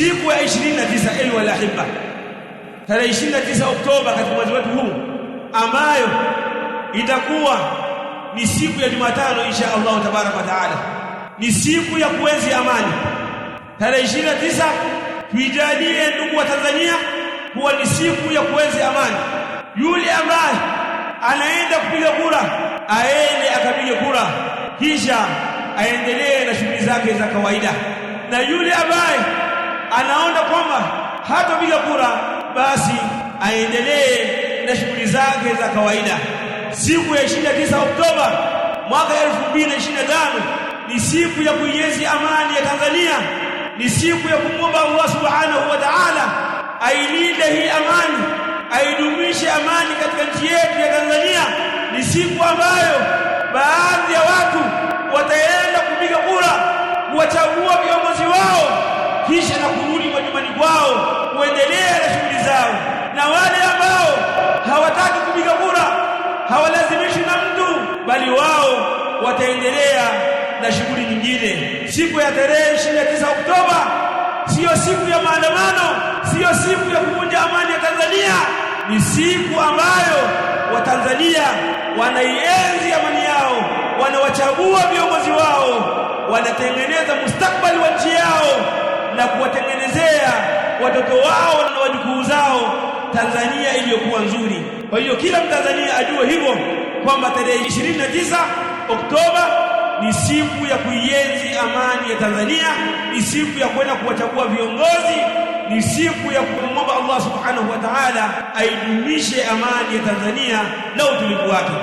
siku ya 29 ayu alahibba tarehe 29 Oktoba katika mwezi wetu huu ambayo itakuwa ni siku ya Jumatano insha Allah tabaraka wa taala ni siku ya kuenzi amani tarehe 29 tuijalie ndugu wa Tanzania kuwa ni siku ya kuenzi amani yule ambaye anaenda kupiga kura aende akapige kura kisha aendelee na shughuli zake za kawaida na yule ambaye anaona kwamba hatapiga kura, basi aendelee na shughuli zake za kawaida. Siku ya 29 Oktoba mwaka 2025 ni siku ya kuienzi amani ya Tanzania, ni siku ya kumwomba Allah subhanahu wa ta'ala ailinde hii amani, aidumishe amani katika nchi yetu ya Tanzania. Ni siku ambayo baadhi ya watu wataenda kupiga kura kuwachagua kisha na kurudi majumbani kwao kuendelea na shughuli zao. Na wale ambao hawataki kupiga kura hawalazimishwi na mtu, bali wao wataendelea na shughuli nyingine. Siku ya tarehe 29 Oktoba siyo siku ya maandamano, siyo siku ya kuvunja amani ya Tanzania. Ni siku ambayo Watanzania wanaienzi amani yao, wanawachagua viongozi wao, wanatengeneza mustakabali watoto wao na wajukuu zao Tanzania iliyokuwa nzuri. Kwa hiyo kila Mtanzania ajue hivyo kwamba tarehe 29 Oktoba ni siku ya kuienzi amani ya Tanzania, ni siku ya kwenda kuwachagua viongozi, ni siku ya kumwomba Allah subhanahu wa ta'ala aidumishe amani ya Tanzania na utulivu wake.